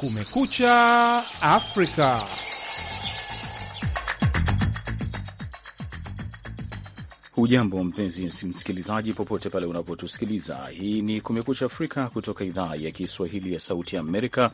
Kumekucha Afrika. Hujambo mpenzi msikilizaji, popote pale unapotusikiliza. Hii ni Kumekucha Afrika kutoka idhaa ya Kiswahili ya Sauti ya Amerika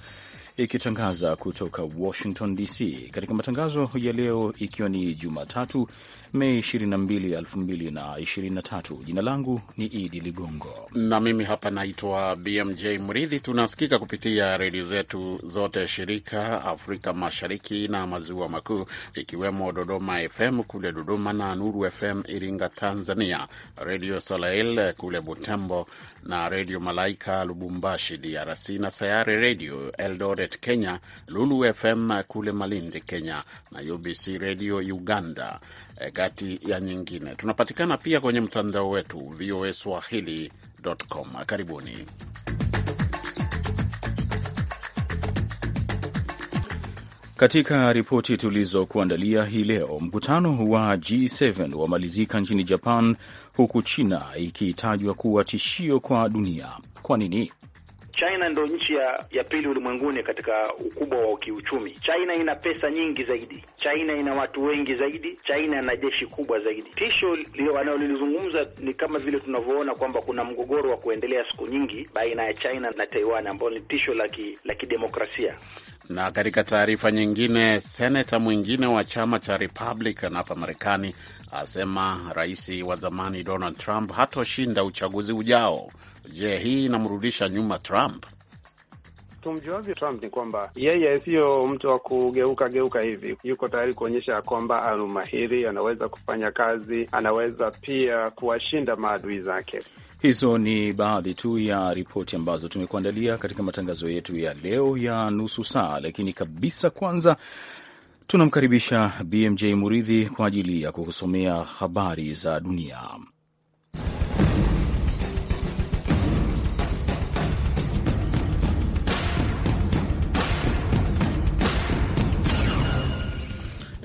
ikitangaza kutoka Washington DC katika matangazo ya leo, ikiwa ni Jumatatu Mei 22, 2023. Jina langu ni Idi Ligongo na mimi hapa naitwa BMJ Mridhi. Tunasikika kupitia redio zetu zote shirika Afrika Mashariki na Maziwa Makuu, ikiwemo Dodoma FM kule Dodoma na Nuru FM Iringa, Tanzania, Redio Soleil kule Butembo na Redio Malaika Lubumbashi DRC na Sayare Redio Eldoret Kenya, Lulu FM kule Malindi Kenya na UBC Redio Uganda kati eh, ya nyingine. Tunapatikana pia kwenye mtandao wetu VOA Swahili.com. Karibuni. Katika ripoti tulizokuandalia hii leo, mkutano wa G7 wamalizika nchini Japan huku China ikitajwa kuwa tishio kwa dunia. Kwa nini? China ndo nchi ya, ya pili ulimwenguni katika ukubwa wa kiuchumi. China ina pesa nyingi zaidi, China ina watu wengi zaidi, China ina jeshi kubwa zaidi. Tisho wanalolizungumza ni kama vile tunavyoona kwamba kuna mgogoro wa kuendelea siku nyingi baina ya China na Taiwan ambayo ni tisho la kidemokrasia. Na katika taarifa nyingine, seneta mwingine wa chama cha Republican hapa Marekani asema rais wa zamani Donald Trump hatoshinda uchaguzi ujao. Je, hii inamrudisha nyuma Trump? Tumjuavyo Trump ni kwamba yeye siyo mtu wa kugeuka geuka hivi. Yuko tayari kuonyesha kwamba ana umahiri, anaweza kufanya kazi, anaweza pia kuwashinda maadui zake. Hizo ni baadhi tu ya ripoti ambazo tumekuandalia katika matangazo yetu ya leo ya nusu saa, lakini kabisa kwanza Tunamkaribisha BMJ Muridhi kwa ajili ya kukusomea habari za dunia.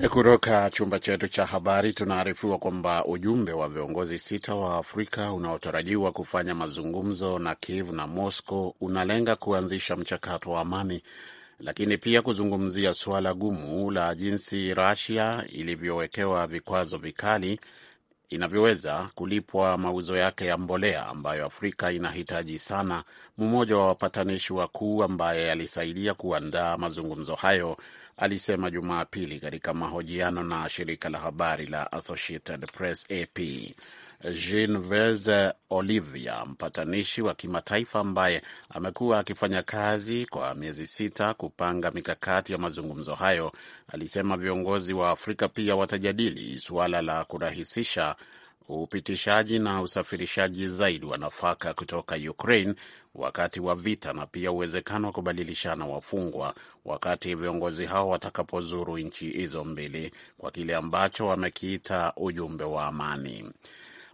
E, kutoka chumba chetu cha habari tunaarifiwa kwamba ujumbe wa viongozi sita wa Afrika unaotarajiwa kufanya mazungumzo na Kiev na Moscow unalenga kuanzisha mchakato wa amani lakini pia kuzungumzia suala gumu la jinsi Russia ilivyowekewa vikwazo vikali inavyoweza kulipwa mauzo yake ya mbolea ambayo Afrika inahitaji sana. Mmoja wa wapatanishi wakuu ambaye alisaidia kuandaa mazungumzo hayo alisema Jumapili katika mahojiano na shirika la habari la Associated Press, AP. Jeanves Olivia, mpatanishi wa kimataifa ambaye amekuwa akifanya kazi kwa miezi sita kupanga mikakati ya mazungumzo hayo, alisema viongozi wa Afrika pia watajadili suala la kurahisisha upitishaji na usafirishaji zaidi wa nafaka kutoka Ukraine wakati wa vita na pia uwezekano wa kubadilishana wafungwa wakati viongozi hao watakapozuru nchi hizo mbili kwa kile ambacho wamekiita ujumbe wa amani.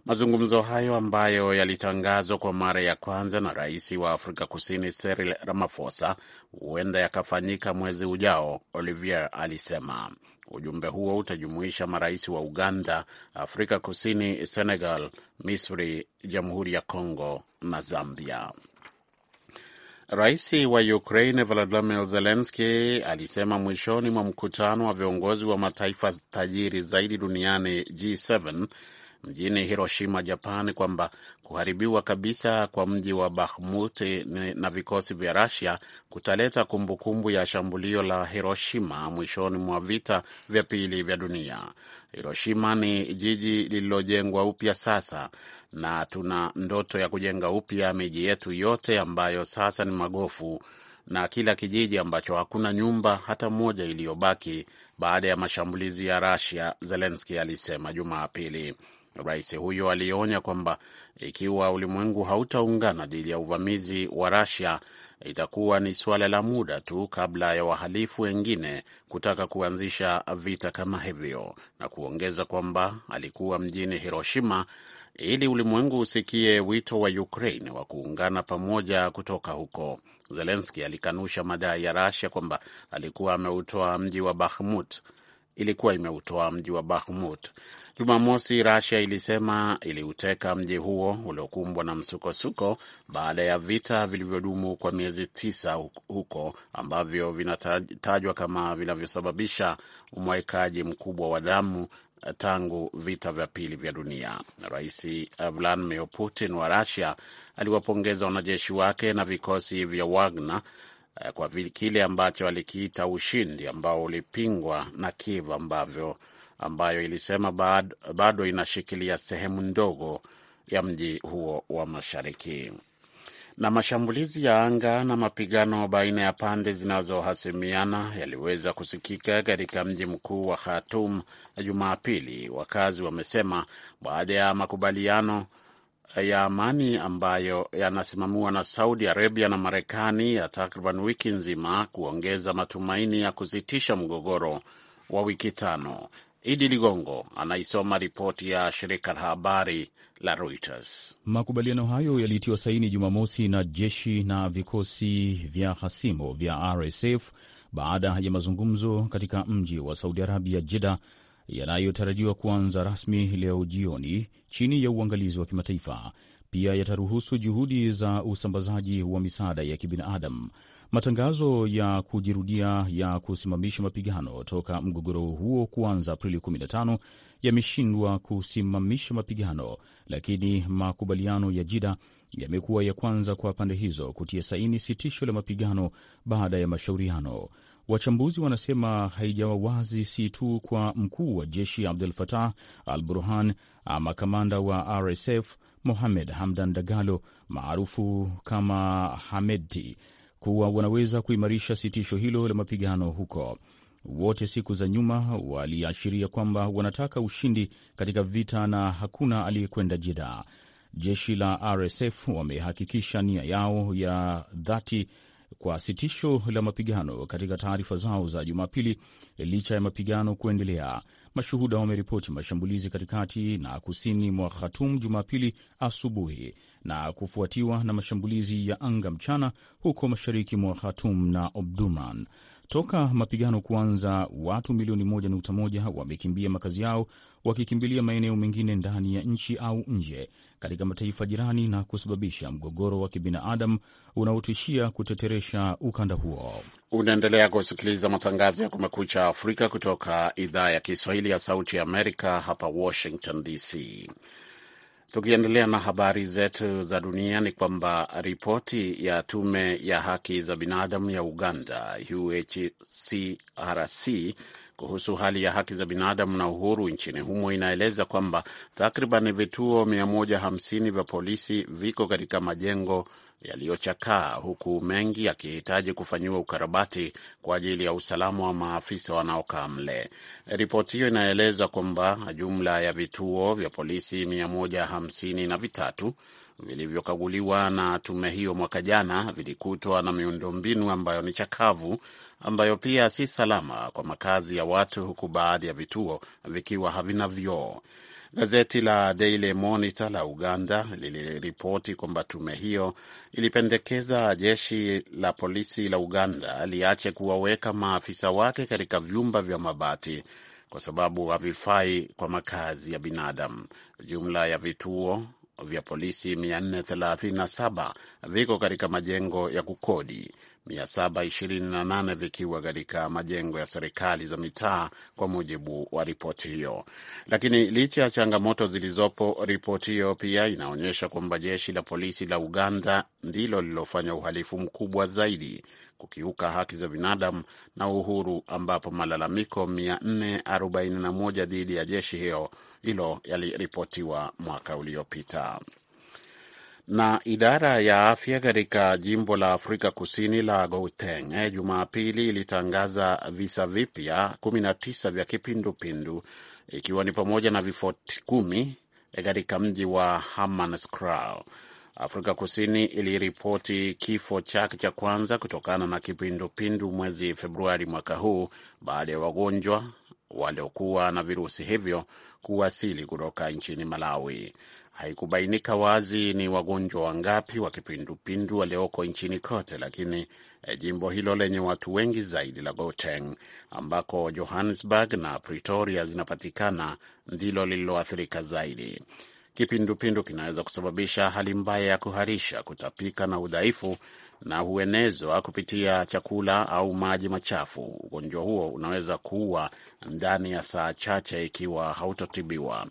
Mazungumzo hayo ambayo yalitangazwa kwa mara ya kwanza na rais wa Afrika Kusini Cyril Ramaphosa huenda yakafanyika mwezi ujao, Olivier alisema. Ujumbe huo utajumuisha marais wa Uganda, Afrika Kusini, Senegal, Misri, Jamhuri ya Kongo na Zambia. Rais wa Ukraine Volodymyr Zelensky alisema mwishoni mwa mkutano wa viongozi wa mataifa tajiri zaidi duniani G7 mjini Hiroshima, Japan, kwamba kuharibiwa kabisa kwa mji wa Bakhmut na vikosi vya Rusia kutaleta kumbukumbu ya shambulio la Hiroshima mwishoni mwa vita vya pili vya dunia. Hiroshima ni jiji lililojengwa upya sasa, na tuna ndoto ya kujenga upya miji yetu yote ambayo sasa ni magofu na kila kijiji ambacho hakuna nyumba hata moja iliyobaki baada ya mashambulizi ya Russia, Zelensky alisema Jumapili. Rais huyo alionya kwamba ikiwa ulimwengu hautaungana dhidi ya uvamizi wa Russia itakuwa ni suala la muda tu kabla ya wahalifu wengine kutaka kuanzisha vita kama hivyo, na kuongeza kwamba alikuwa mjini Hiroshima ili ulimwengu usikie wito wa Ukraine wa kuungana pamoja kutoka huko. Zelenski alikanusha madai ya Russia kwamba alikuwa ameutoa mji wa Bakhmut ilikuwa imeutoa mji wa Bakhmut. Jumamosi, Rasia ilisema iliuteka mji huo uliokumbwa na msukosuko baada ya vita vilivyodumu kwa miezi tisa huko ambavyo vinatajwa kama vinavyosababisha umwaikaji mkubwa wa damu eh, tangu vita vya pili vya dunia. Rais eh, Vladimir Putin wa Rasia aliwapongeza wanajeshi wake na vikosi vya Wagner Eh, kwa kile ambacho alikiita ushindi ambao ulipingwa na Kiev ambavyo ambayo ilisema bado, inashikilia sehemu ndogo ya mji huo wa mashariki. Na mashambulizi ya anga na mapigano baina ya pande zinazohasimiana yaliweza kusikika katika mji mkuu wa Khartoum Jumapili, wakazi wamesema, baada ya makubaliano ya amani ambayo yanasimamiwa na Saudi Arabia na Marekani ya takriban wiki nzima kuongeza matumaini ya kusitisha mgogoro wa wiki tano. Idi Ligongo anaisoma ripoti ya shirika la habari la Reuters. Makubaliano hayo yalitiwa saini Jumamosi na jeshi na vikosi vya hasimu vya RSF baada ya mazungumzo katika mji wa Saudi Arabia, Jeddah, yanayotarajiwa kuanza rasmi leo jioni chini ya uangalizi wa kimataifa. Pia yataruhusu juhudi za usambazaji wa misaada ya kibinadamu. Matangazo ya kujirudia ya kusimamisha mapigano toka mgogoro huo kuanza Aprili 15 yameshindwa kusimamisha mapigano, lakini makubaliano ya Jida yamekuwa ya kwanza kwa pande hizo kutia saini sitisho la mapigano baada ya mashauriano. Wachambuzi wanasema haijawa wazi si tu kwa mkuu wa jeshi abdul fatah al Burhan ama kamanda wa RSF Mohamed Hamdan Dagalo maarufu kama Hamedti kuwa wanaweza kuimarisha sitisho hilo la mapigano huko. Wote siku za nyuma waliashiria kwamba wanataka ushindi katika vita na hakuna aliyekwenda Jeddah. Jeshi la RSF wamehakikisha nia yao ya dhati kwa sitisho la mapigano katika taarifa zao za Jumapili, licha ya mapigano kuendelea. Mashuhuda wameripoti mashambulizi katikati na kusini mwa Khatum Jumapili asubuhi na kufuatiwa na mashambulizi ya anga mchana huko mashariki mwa Khatum na Obduman. Toka mapigano kuanza, watu milioni 1.1 wamekimbia makazi yao wakikimbilia maeneo mengine ndani ya nchi au nje katika mataifa jirani na kusababisha mgogoro wa kibinadamu unaotishia kuteteresha ukanda huo. Unaendelea kusikiliza matangazo ya Kumekucha Afrika kutoka idhaa ya Kiswahili ya Sauti ya Amerika, hapa Washington DC. Tukiendelea na habari zetu za dunia ni kwamba ripoti ya tume ya haki za binadamu ya Uganda UHCRC kuhusu hali ya haki za binadamu na uhuru nchini humo inaeleza kwamba takriban vituo 150 vya polisi viko katika majengo yaliyochakaa huku mengi yakihitaji kufanyiwa ukarabati kwa ajili ya usalama wa maafisa wanaokaa mle. Ripoti hiyo inaeleza kwamba jumla ya vituo vya polisi mia moja hamsini na vitatu vilivyokaguliwa na tume hiyo mwaka jana vilikutwa na miundombinu ambayo ni chakavu ambayo pia si salama kwa makazi ya watu, huku baadhi ya vituo vikiwa havina vyoo. Gazeti la Daily Monitor la Uganda liliripoti kwamba tume hiyo ilipendekeza jeshi la polisi la Uganda liache kuwaweka maafisa wake katika vyumba vya mabati kwa sababu havifai kwa makazi ya binadamu. Jumla ya vituo vya polisi 437 viko katika majengo ya kukodi. 728 vikiwa katika majengo ya serikali za mitaa, kwa mujibu wa ripoti hiyo. Lakini licha ya changamoto zilizopo, ripoti hiyo pia inaonyesha kwamba jeshi la polisi la Uganda ndilo lilofanya uhalifu mkubwa zaidi kukiuka haki za binadamu na uhuru, ambapo malalamiko 441 dhidi ya jeshi hiyo hilo yaliripotiwa mwaka uliopita. Na idara ya afya katika jimbo la Afrika Kusini la Gauteng eh, Jumapili ilitangaza visa vipya 19 vya kipindupindu ikiwa ni pamoja na vifo kumi eh, katika mji wa Hammanskraal. Afrika Kusini iliripoti kifo chake cha kwanza kutokana na kipindupindu mwezi Februari mwaka huu baada ya wagonjwa waliokuwa na virusi hivyo kuwasili kutoka nchini Malawi. Haikubainika wazi ni wagonjwa wangapi wa kipindupindu walioko nchini kote, lakini eh, jimbo hilo lenye watu wengi zaidi la Gauteng, ambako Johannesburg na Pretoria zinapatikana, ndilo lililoathirika zaidi. Kipindupindu kinaweza kusababisha hali mbaya ya kuharisha, kutapika na udhaifu, na huenezwa kupitia chakula au maji machafu. Ugonjwa huo unaweza kuua ndani ya saa chache ikiwa hautatibiwa.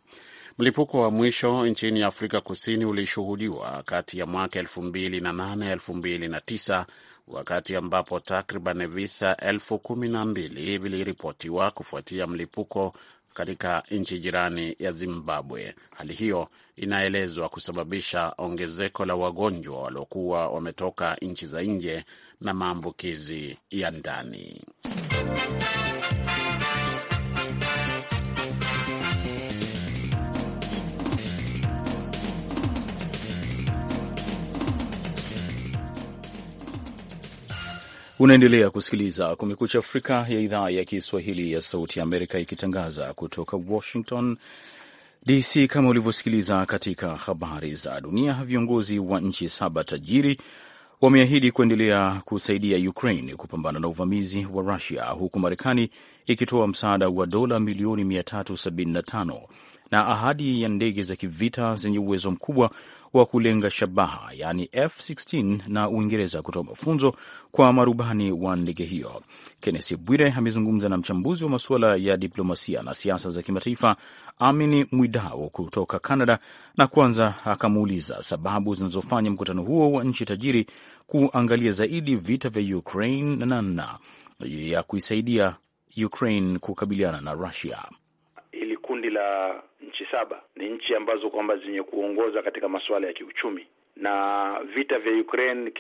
Mlipuko wa mwisho nchini Afrika Kusini ulishuhudiwa kati ya mwaka 2008 2009 wakati ambapo takriban visa elfu kumi na mbili viliripotiwa kufuatia mlipuko katika nchi jirani ya Zimbabwe. Hali hiyo inaelezwa kusababisha ongezeko la wagonjwa waliokuwa wametoka nchi za nje na maambukizi ya ndani. Unaendelea kusikiliza Kumekucha Afrika ya idhaa ya Kiswahili ya Sauti ya Amerika ikitangaza kutoka Washington DC. Kama ulivyosikiliza katika habari za dunia, viongozi wa nchi saba tajiri wameahidi kuendelea kusaidia Ukraine kupambana na uvamizi wa Rusia, huku Marekani ikitoa msaada wa dola milioni 375 na ahadi ya ndege za kivita zenye uwezo mkubwa wa kulenga shabaha yaani F16 na Uingereza kutoa mafunzo kwa marubani wa ndege hiyo. Kennesi Bwire amezungumza na mchambuzi wa masuala ya diplomasia na siasa za kimataifa Amini Mwidao kutoka Canada, na kwanza akamuuliza sababu zinazofanya mkutano huo wa nchi tajiri kuangalia zaidi vita vya Ukraine na namna ya kuisaidia Ukraine kukabiliana na Russia za nchi saba ni nchi ambazo kwamba zenye kuongoza katika masuala ya kiuchumi, na vita vya Ukraine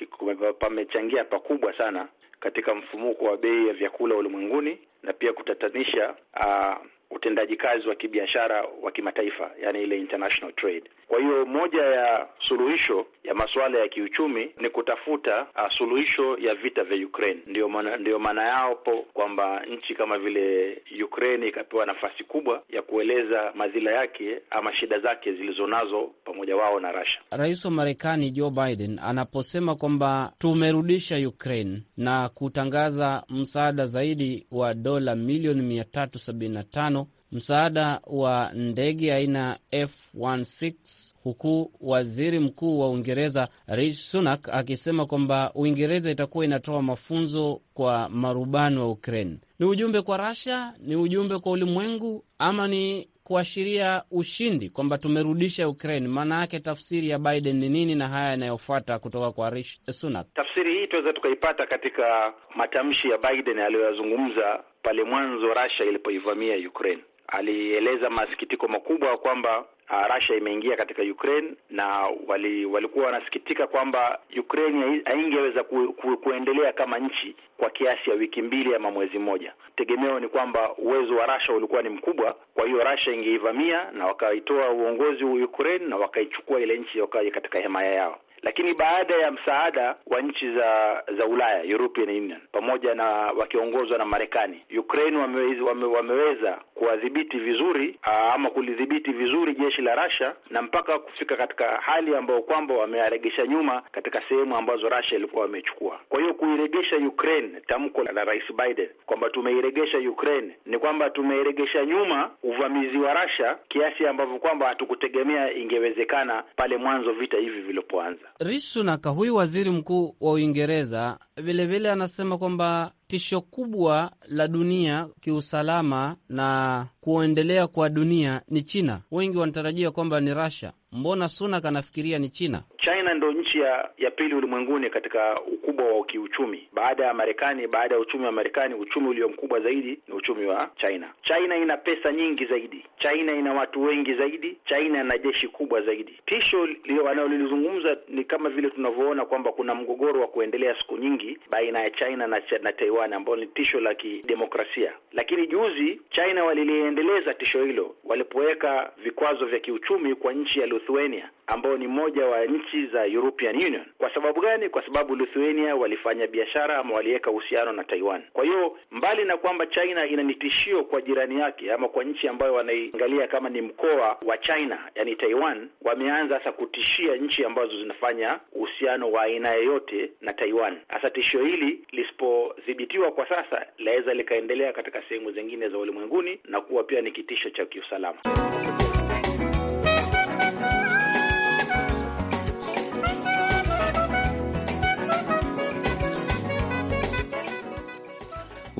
pamechangia pakubwa sana katika mfumuko wa bei ya vyakula ulimwenguni na pia kutatanisha uh, utendaji kazi wa kibiashara wa kimataifa, yani ile international trade. Kwa hiyo moja ya suluhisho ya masuala ya kiuchumi ni kutafuta uh, suluhisho ya vita vya Ukraine. Ndiyo maana ndiyo maana yapo kwamba nchi kama vile Ukraine ikapewa nafasi kubwa ya kueleza madhila yake ama shida zake zilizonazo pamoja wao na Russia. Rais wa Marekani Joe Biden anaposema kwamba tumerudisha Ukraine na kutangaza msaada zaidi wa dola milioni mia tatu sabini na tano msaada wa ndege aina F16 huku waziri mkuu wa Uingereza Rishi Sunak akisema kwamba Uingereza itakuwa inatoa mafunzo kwa marubani wa Ukraine. Ni ujumbe kwa Russia, ni ujumbe kwa ulimwengu, ama ni kuashiria ushindi kwamba tumerudisha Ukraine. Maana yake tafsiri ya Biden ni nini, na haya yanayofuata kutoka kwa Rishi Sunak? Tafsiri hii tunaweza tukaipata katika matamshi ya Biden aliyoyazungumza pale mwanzo Russia ilipoivamia Ukraine. Alieleza masikitiko makubwa kwamba uh, Russia imeingia katika Ukraine na wali, walikuwa wanasikitika kwamba Ukraine haingeweza ku, ku, kuendelea kama nchi kwa kiasi ya wiki mbili ama mwezi mmoja. Tegemeo ni kwamba uwezo wa Russia ulikuwa ni mkubwa, kwa hiyo Russia ingeivamia na wakaitoa uongozi wa Ukraine na wakaichukua ile nchi wakaja katika himaya yao lakini baada ya msaada wa nchi za za Ulaya European Union pamoja na wakiongozwa na Marekani, Ukraine wameweza, wame, wameweza kuwadhibiti vizuri ah, ama kulidhibiti vizuri jeshi la Russia na mpaka kufika katika hali ambayo kwamba wamearegesha nyuma katika sehemu ambazo Russia ilikuwa wamechukua. Kwa hiyo kuiregesha Ukraine, tamko la Rais Biden kwamba tumeiregesha Ukraine ni kwamba tumeiregesha nyuma uvamizi wa Russia kiasi ambavyo kwamba hatukutegemea ingewezekana pale mwanzo vita hivi vilipoanza. Rishi Sunak, huyu waziri mkuu wa Uingereza Vilevile anasema kwamba tisho kubwa la dunia kiusalama na kuendelea kwa dunia ni China. Wengi wanatarajia kwamba ni Russia Mbona Sunak anafikiria ni China? China ndo nchi ya, ya pili ulimwenguni katika ukubwa wa kiuchumi baada ya Marekani. Baada ya uchumi wa Marekani, uchumi ulio mkubwa zaidi ni uchumi wa China. China ina pesa nyingi zaidi, China ina watu wengi zaidi, China ina jeshi kubwa zaidi. Tisho analolizungumza ni kama vile tunavyoona kwamba kuna mgogoro wa kuendelea siku nyingi baina ya China na, na Taiwan ambao ni tisho la kidemokrasia, lakini juzi China waliliendeleza tisho hilo walipoweka vikwazo vya kiuchumi kwa nchi yaliyo Lithuania ambao ni mmoja wa nchi za European Union. Kwa sababu gani? Kwa sababu Lithuania walifanya biashara ama waliweka uhusiano na Taiwan. Kwa hiyo mbali na kwamba China ina ni tishio kwa jirani yake ama kwa nchi ambayo wanaiangalia kama ni mkoa wa China, yani Taiwan, wameanza sasa kutishia nchi ambazo zinafanya uhusiano wa aina yoyote na Taiwan. Hasa tishio hili lisipodhibitiwa kwa sasa laweza likaendelea katika sehemu zingine za ulimwenguni na kuwa pia ni kitisho cha kiusalama.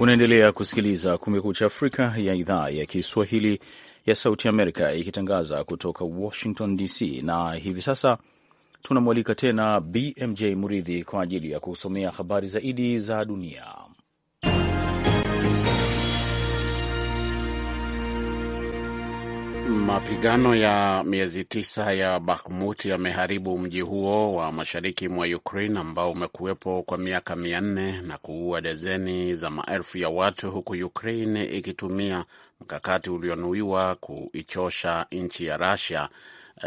Unaendelea kusikiliza Kumekucha Afrika ya idhaa ya Kiswahili ya Sauti Amerika ikitangaza kutoka Washington DC, na hivi sasa tunamwalika tena BMJ Muridhi kwa ajili ya kusomea habari zaidi za dunia. Mapigano ya miezi tisa ya Bakhmut yameharibu mji huo wa mashariki mwa Ukraine ambao umekuwepo kwa miaka mia nne na kuua dezeni za maelfu ya watu, huku Ukraine ikitumia mkakati ulionuiwa kuichosha nchi ya Russia,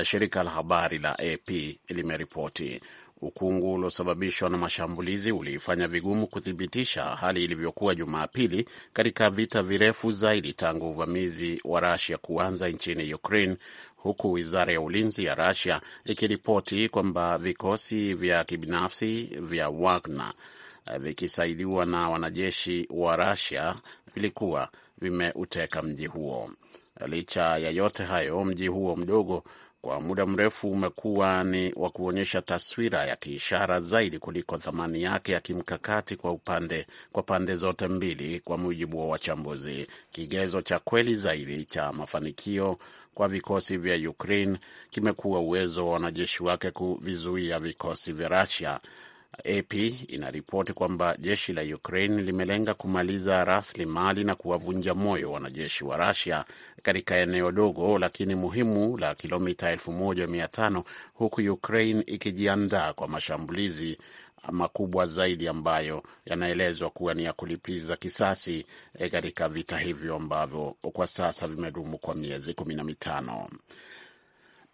shirika la habari la AP limeripoti. Ukungu uliosababishwa na mashambulizi uliifanya vigumu kuthibitisha hali ilivyokuwa Jumapili katika vita virefu zaidi tangu uvamizi wa rasia kuanza nchini Ukraine, huku wizara ya ulinzi ya rasia ikiripoti kwamba vikosi vya kibinafsi vya Wagner eh, vikisaidiwa na wanajeshi wa rasia vilikuwa vimeuteka mji huo. Licha ya yote hayo, mji huo mdogo kwa muda mrefu umekuwa ni wa kuonyesha taswira ya kiishara zaidi kuliko thamani yake ya kimkakati kwa upande, kwa pande zote mbili, kwa mujibu wa wachambuzi. Kigezo cha kweli zaidi cha mafanikio kwa vikosi vya Ukraine kimekuwa uwezo wa wanajeshi wake kuvizuia vikosi vya Russia AP inaripoti kwamba jeshi la Ukraine limelenga kumaliza rasilimali na kuwavunja moyo wanajeshi wa rasia katika eneo dogo lakini muhimu la kilomita 1500 huku Ukraine ikijiandaa kwa mashambulizi makubwa zaidi ambayo yanaelezwa kuwa ni ya kulipiza kisasi eh, katika vita hivyo ambavyo kwa sasa vimedumu kwa miezi kumi na mitano.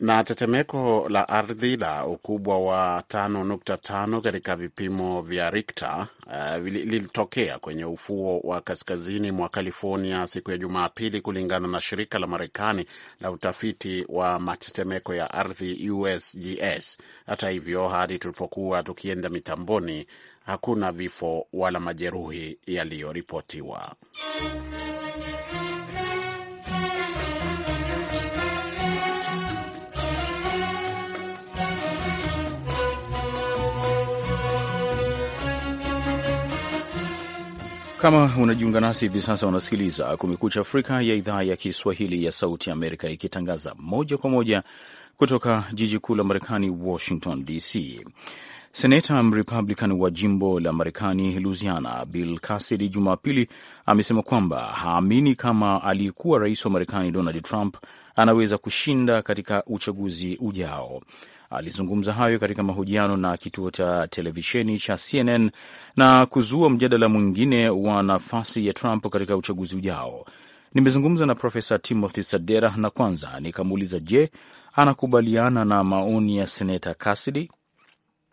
Na tetemeko la ardhi la ukubwa wa 5.5 katika vipimo vya Richter uh, lilitokea kwenye ufuo wa kaskazini mwa California siku ya Jumapili, kulingana na shirika la Marekani la utafiti wa matetemeko ya ardhi USGS. Hata hivyo, hadi tulipokuwa tukienda mitamboni, hakuna vifo wala majeruhi yaliyoripotiwa. Kama unajiunga nasi hivi sasa, unasikiliza Kumekucha Afrika ya idhaa ya Kiswahili ya Sauti Amerika, ikitangaza moja kwa moja kutoka jiji kuu la Marekani, Washington DC. Seneta Mrepublican wa jimbo la Marekani Louisiana, Bill Cassidy, Jumapili amesema kwamba haamini kama aliyekuwa rais wa Marekani Donald Trump anaweza kushinda katika uchaguzi ujao. Alizungumza hayo katika mahojiano na kituo cha televisheni cha CNN na kuzua mjadala mwingine wa nafasi ya Trump katika uchaguzi ujao. Nimezungumza na Profesa Timothy Sadera na kwanza nikamuuliza, je, anakubaliana na maoni ya Seneta Cassidy?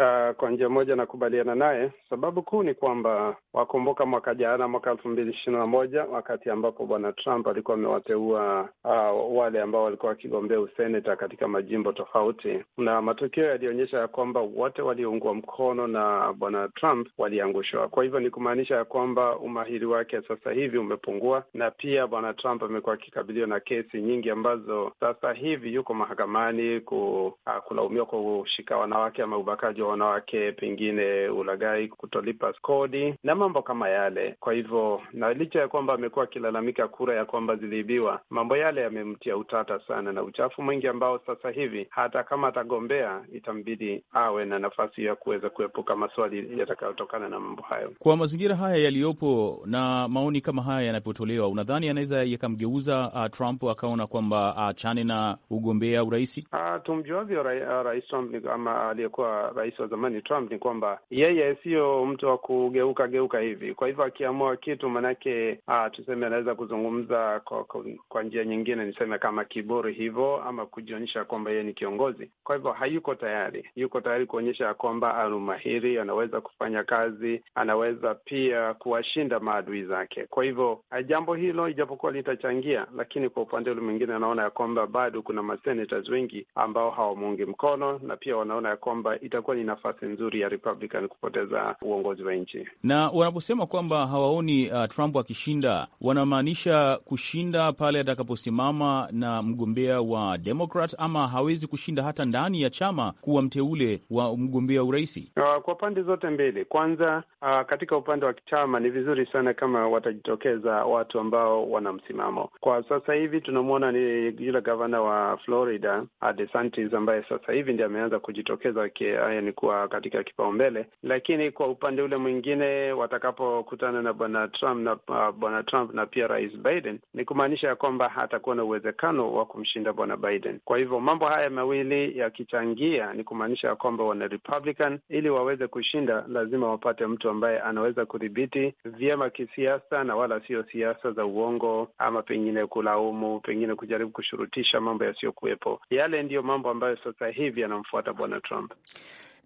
Uh, kwa njia moja nakubaliana naye. Sababu kuu ni kwamba wakumbuka mwaka jana, mwaka elfu mbili ishirini na moja wakati ambapo bwana Trump alikuwa amewateua uh, wale ambao walikuwa wakigombea useneta katika majimbo tofauti, na matokeo yalionyesha ya kwamba wote walioungwa mkono na bwana Trump waliangushwa. Kwa hivyo ni kumaanisha ya kwamba umahiri wake sasa hivi umepungua, na pia bwana Trump amekuwa akikabiliwa na kesi nyingi ambazo sasa hivi yuko mahakamani ku, uh, kulaumiwa kwa ushika wanawake ama ubakaji wanawake, pengine ulaghai, kutolipa kodi na mambo kama yale. Kwa hivyo, na licha ya kwamba amekuwa akilalamika kura ya kwamba ziliibiwa, mambo yale yamemtia utata sana na uchafu mwingi ambao sasa hivi hata kama atagombea itambidi awe na nafasi ya kuweza kuepuka maswali yatakayotokana na mambo hayo. Kwa mazingira haya yaliyopo na maoni kama haya yanapotolewa, unadhani anaweza yakamgeuza uh, Trump akaona kwamba uh, achane uh, na ugombea uraisi? Uh, tumjuavyo uh, rais Trump ama aliyekuwa rais wa zamani Trump ni kwamba yeye siyo mtu wa kugeuka geuka hivi. Kwa hivyo akiamua kitu maanake, ah, tuseme anaweza kuzungumza kwa, kwa, kwa njia nyingine, niseme kama kiburi hivyo, ama kujionyesha kwamba yeye ni kiongozi. Kwa hivyo hayuko tayari, yuko tayari kuonyesha ya kwamba ana umahiri, anaweza kufanya kazi, anaweza pia kuwashinda maadui zake. Kwa hivyo ah, jambo hilo ijapokuwa litachangia, lakini kwa upande ule mwingine anaona ya kwamba bado kuna masenators wengi ambao hawamuungi mkono na pia wanaona ya kwamba itakuwa ni nafasi nzuri ya Republican kupoteza uongozi wa nchi. Na wanaposema kwamba hawaoni uh, Trump akishinda, wanamaanisha kushinda pale atakaposimama na mgombea wa Democrat, ama hawezi kushinda hata ndani ya chama kuwa mteule wa mgombea uraisi? Uh, kwa pande zote mbili. Kwanza uh, katika upande wa chama ni vizuri sana kama watajitokeza watu ambao wana msimamo. Kwa sasa hivi tunamwona ni yule gavana wa Florida DeSantis ambaye sasa hivi ndiye ameanza kujitokeza, yaani kuwa katika kipaumbele, lakini kwa upande ule mwingine watakapokutana na bwana Trump na uh, bwana Trump na pia rais Biden ni kumaanisha ya kwamba hatakuwa na uwezekano wa kumshinda bwana Biden. Kwa hivyo mambo haya mawili yakichangia, ni kumaanisha ya kwamba wana Republican ili waweze kushinda, lazima wapate mtu ambaye anaweza kudhibiti vyema kisiasa na wala sio siasa za uongo ama pengine kulaumu, pengine kujaribu kushurutisha mambo yasiyokuwepo. Yale ndiyo mambo ambayo sasa hivi yanamfuata bwana Trump.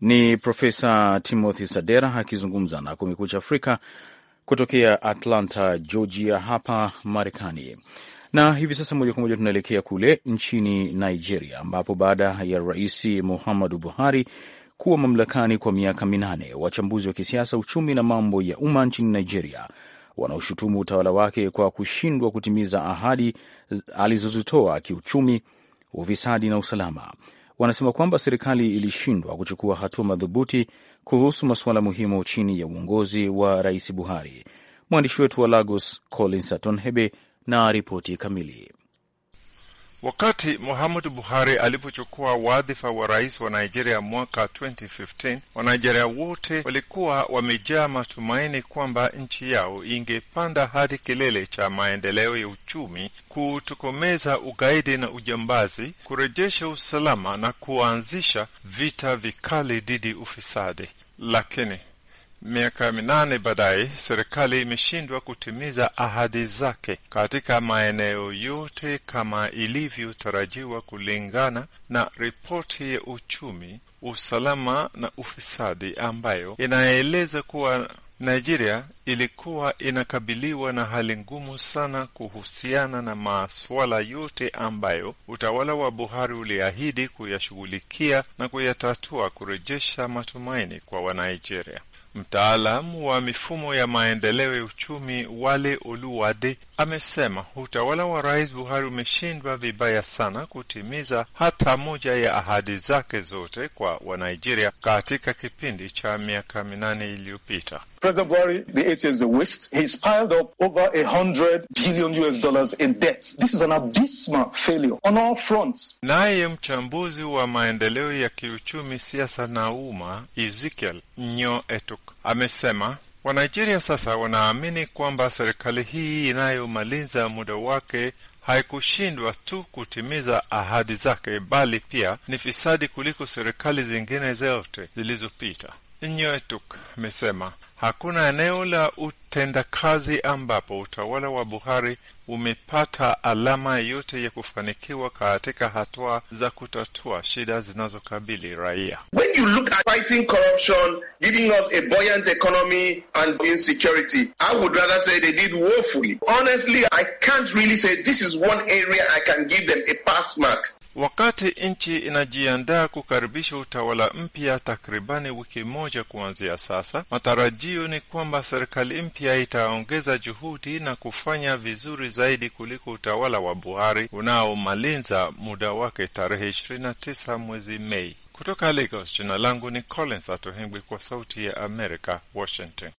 Ni Profesa Timothy Sadera akizungumza na Kumekucha Afrika kutokea Atlanta, Georgia, hapa Marekani. Na hivi sasa moja kwa moja tunaelekea kule nchini Nigeria, ambapo baada ya Rais Muhammadu Buhari kuwa mamlakani kwa miaka minane, wachambuzi wa kisiasa, uchumi na mambo ya umma nchini Nigeria wanaoshutumu utawala wake kwa kushindwa kutimiza ahadi alizozitoa kiuchumi, ufisadi na usalama wanasema kwamba serikali ilishindwa kuchukua hatua madhubuti kuhusu masuala muhimu chini ya uongozi wa Rais Buhari. Mwandishi wetu wa Lagos Colin Saton na ripoti kamili. Wakati Muhammadu Buhari alipochukua wadhifa wa rais wa Nigeria mwaka 2015, Wanigeria wote walikuwa wamejaa matumaini kwamba nchi yao ingepanda hadi kilele cha maendeleo ya uchumi, kutokomeza ugaidi na ujambazi, kurejesha usalama na kuanzisha vita vikali dhidi ufisadi, lakini Miaka minane baadaye, serikali imeshindwa kutimiza ahadi zake katika maeneo yote kama ilivyotarajiwa, kulingana na ripoti ya uchumi, usalama na ufisadi ambayo inaeleza kuwa Nigeria ilikuwa inakabiliwa na hali ngumu sana kuhusiana na masuala yote ambayo utawala wa Buhari uliahidi kuyashughulikia na kuyatatua, kurejesha matumaini kwa Wanigeria. Mtaalamu wa mifumo ya maendeleo ya uchumi Wale Oluwade amesema utawala wa Rais Buhari umeshindwa vibaya sana kutimiza hata moja ya ahadi zake zote kwa Wanigeria katika kipindi cha miaka minane iliyopita. President Buhari, the eight years they waste, he's piled up over a hundred billion US dollars in debt. This is an abysmal failure on all fronts. Naye mchambuzi wa maendeleo ya kiuchumi, siasa na umma Ezekiel Nyo Etuk amesema Wanigeria sasa wanaamini kwamba serikali hii inayomaliza muda wake haikushindwa tu kutimiza ahadi zake, bali pia ni fisadi kuliko serikali zingine zote zilizopita. Nyoetuk amesema Hakuna eneo la utendakazi ambapo utawala wa Buhari umepata alama yote ya kufanikiwa katika hatua za kutatua shida zinazokabili raia. When you look at fighting corruption, giving us a buoyant economy and insecurity, I would rather say they did woefully. Honestly, I can't really say this is one area I can give them a pass mark. Wakati nchi inajiandaa kukaribisha utawala mpya takribani wiki moja kuanzia sasa, matarajio ni kwamba serikali mpya itaongeza juhudi na kufanya vizuri zaidi kuliko utawala wa Buhari unaomaliza muda wake tarehe 29 mwezi Mei. Kutoka Lagos, jina langu ni Collins Atohengwi, kwa Sauti ya Amerika, Washington.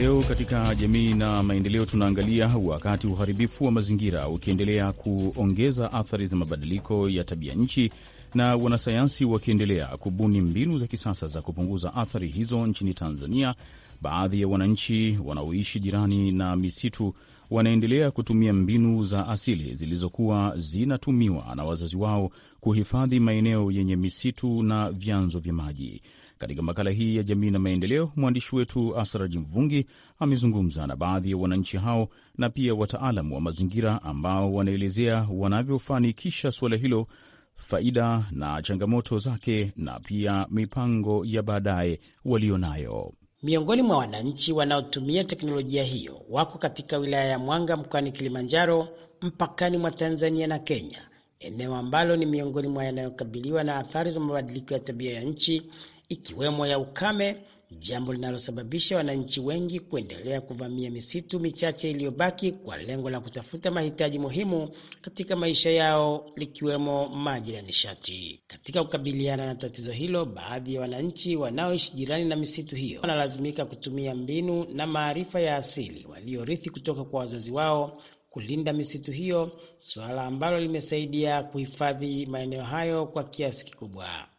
Leo katika jamii na maendeleo, tunaangalia wakati uharibifu wa mazingira ukiendelea kuongeza athari za mabadiliko ya tabia nchi na wanasayansi wakiendelea kubuni mbinu za kisasa za kupunguza athari hizo nchini Tanzania, baadhi ya wananchi wanaoishi jirani na misitu wanaendelea kutumia mbinu za asili zilizokuwa zinatumiwa na wazazi wao kuhifadhi maeneo yenye misitu na vyanzo vya maji. Katika makala hii ya jamii na maendeleo, mwandishi wetu Asraji Mvungi amezungumza na baadhi ya wananchi hao na pia wataalamu wa mazingira ambao wanaelezea wanavyofanikisha suala hilo, faida na changamoto zake, na pia mipango ya baadaye walionayo. Miongoni mwa wananchi wanaotumia teknolojia hiyo wako katika wilaya ya Mwanga mkoani Kilimanjaro, mpakani mwa Tanzania na Kenya, eneo ambalo ni miongoni mwa yanayokabiliwa na athari za mabadiliko ya tabia ya nchi ikiwemo ya ukame, jambo linalosababisha wananchi wengi kuendelea kuvamia misitu michache iliyobaki kwa lengo la kutafuta mahitaji muhimu katika maisha yao likiwemo maji na nishati. Katika kukabiliana na tatizo hilo, baadhi ya wananchi wanaoishi jirani na misitu hiyo wanalazimika kutumia mbinu na maarifa ya asili waliorithi kutoka kwa wazazi wao kulinda misitu hiyo, suala ambalo limesaidia kuhifadhi maeneo hayo kwa kiasi kikubwa.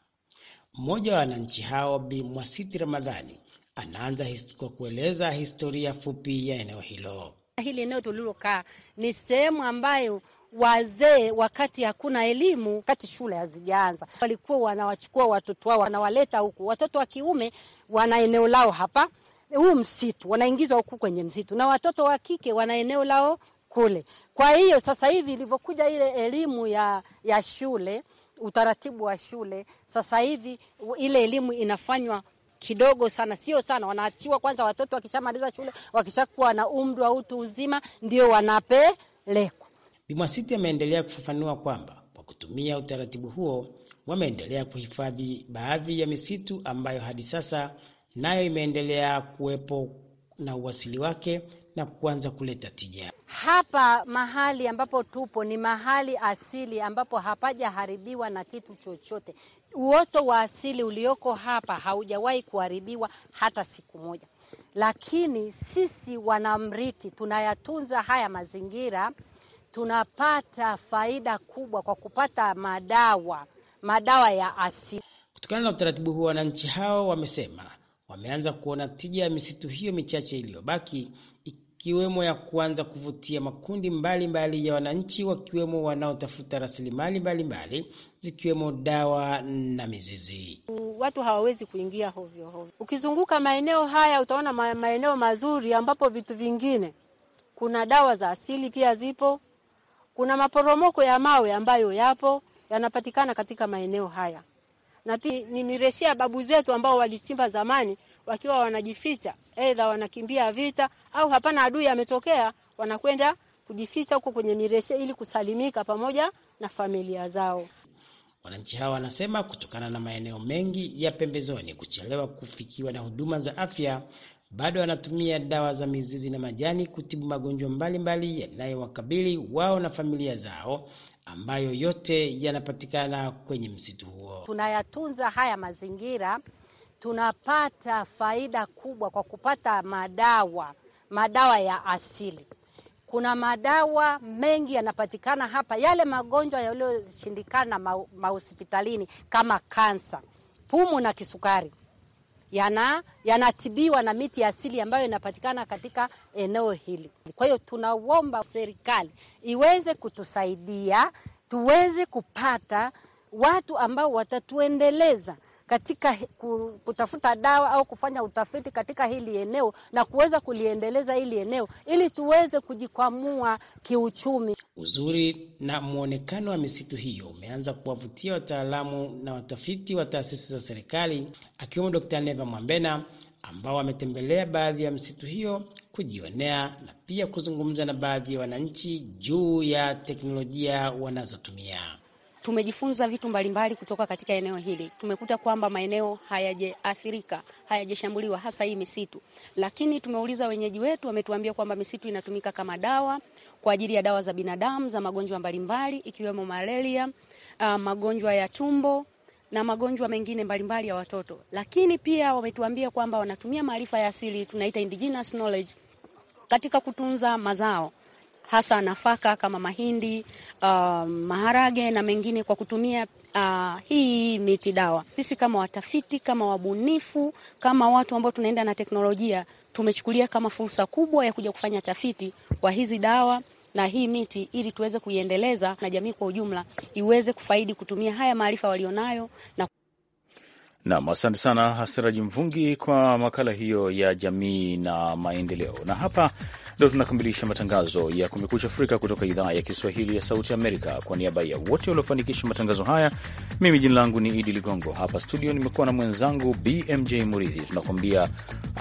Mmoja wa wananchi hao Bi Mwasiti Ramadhani anaanza kwa kueleza historia fupi ya eneo hilo. Hili eneo tulilokaa ni sehemu ambayo wazee wakati hakuna elimu, wakati shule hazijaanza, walikuwa wanawachukua watoto wao wanawaleta huku. Watoto wa kiume wana eneo lao hapa, huu msitu, wanaingizwa huku kwenye msitu, na watoto wa kike wana eneo lao kule. Kwa hiyo sasa hivi ilivyokuja ile elimu ya, ya shule utaratibu wa shule. Sasa hivi ile elimu inafanywa kidogo sana, sio sana. Wanaachiwa kwanza, watoto wakishamaliza shule, wakishakuwa na umri wa utu uzima, ndio wanapelekwa. Bimwasiti ameendelea kufafanua kwamba kwa kutumia utaratibu huo wameendelea kuhifadhi baadhi ya misitu ambayo hadi sasa nayo imeendelea kuwepo na uwasili wake na kuanza kuleta tija. Hapa mahali ambapo tupo ni mahali asili ambapo hapajaharibiwa na kitu chochote. Uoto wa asili ulioko hapa haujawahi kuharibiwa hata siku moja, lakini sisi wanamriti tunayatunza haya mazingira, tunapata faida kubwa kwa kupata madawa, madawa ya asili. Kutokana na utaratibu huu, wananchi hao wamesema wameanza kuona tija ya misitu hiyo michache iliyobaki ikiwemo ya kuanza kuvutia makundi mbalimbali mbali ya wananchi wakiwemo wanaotafuta rasilimali mbalimbali zikiwemo dawa na mizizi. Watu hawawezi kuingia hovyo hovyo. Ukizunguka maeneo haya utaona maeneo mazuri ambapo vitu vingine, kuna dawa za asili pia zipo, kuna maporomoko ya mawe ambayo yapo yanapatikana katika maeneo haya, na pia ni babu zetu ambao walichimba zamani wakiwa wanajificha aidha wanakimbia vita au hapana, adui ametokea, wanakwenda kujificha huko kwenye mireshe ili kusalimika pamoja na familia zao. Wananchi hawa wanasema kutokana na maeneo mengi ya pembezoni kuchelewa kufikiwa na huduma za afya, bado wanatumia dawa za mizizi na majani kutibu magonjwa mbalimbali yanayowakabili wao na familia zao, ambayo yote yanapatikana kwenye msitu huo. Tunayatunza haya mazingira tunapata faida kubwa kwa kupata madawa, madawa ya asili. Kuna madawa mengi yanapatikana hapa, yale magonjwa yaliyoshindikana mahospitalini kama kansa, pumu na kisukari yana yanatibiwa na miti ya asili ambayo inapatikana katika eneo hili. Kwa hiyo tunauomba serikali iweze kutusaidia tuweze kupata watu ambao watatuendeleza katika kutafuta dawa au kufanya utafiti katika hili eneo na kuweza kuliendeleza hili eneo ili tuweze kujikwamua kiuchumi. Uzuri na mwonekano wa misitu hiyo umeanza kuwavutia wataalamu na watafiti wa taasisi za serikali akiwemo d Neva Mwambena ambao wametembelea baadhi ya misitu hiyo kujionea na pia kuzungumza na baadhi ya wananchi juu ya teknolojia wanazotumia tumejifunza vitu mbalimbali kutoka katika eneo hili. Tumekuta kwamba maeneo hayajaathirika, hayajashambuliwa, hasa hii misitu. Lakini tumeuliza wenyeji wetu, wametuambia kwamba misitu inatumika kama dawa kwa ajili ya dawa za binadamu za magonjwa mbalimbali ikiwemo malaria, uh, magonjwa ya tumbo na magonjwa mengine mbalimbali ya watoto. Lakini pia wametuambia kwamba wanatumia maarifa ya asili, tunaita indigenous knowledge, katika kutunza mazao hasa nafaka kama mahindi, uh, maharage na mengine kwa kutumia Uh, hii miti dawa. Sisi kama watafiti, kama wabunifu, kama watu ambao tunaenda na teknolojia tumechukulia kama fursa kubwa ya kuja kufanya tafiti kwa hizi dawa na hii miti ili tuweze kuiendeleza na jamii kwa ujumla iweze kufaidi kutumia haya maarifa walionayo na Nam, asante sana Asiraji Mvungi kwa makala hiyo ya jamii na maendeleo. Na hapa ndo tunakamilisha matangazo ya Kumekucha Afrika kutoka idhaa ya Kiswahili ya Sauti Amerika. Kwa niaba ya wote waliofanikisha matangazo haya, mimi jina langu ni Idi Ligongo, hapa studio nimekuwa na mwenzangu BMJ Muridhi. Tunakuambia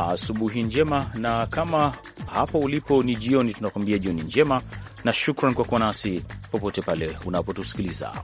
asubuhi uh, njema, na kama hapo ulipo ni jioni, tunakuambia jioni njema na shukran kwa kuwa nasi popote pale unapotusikiliza.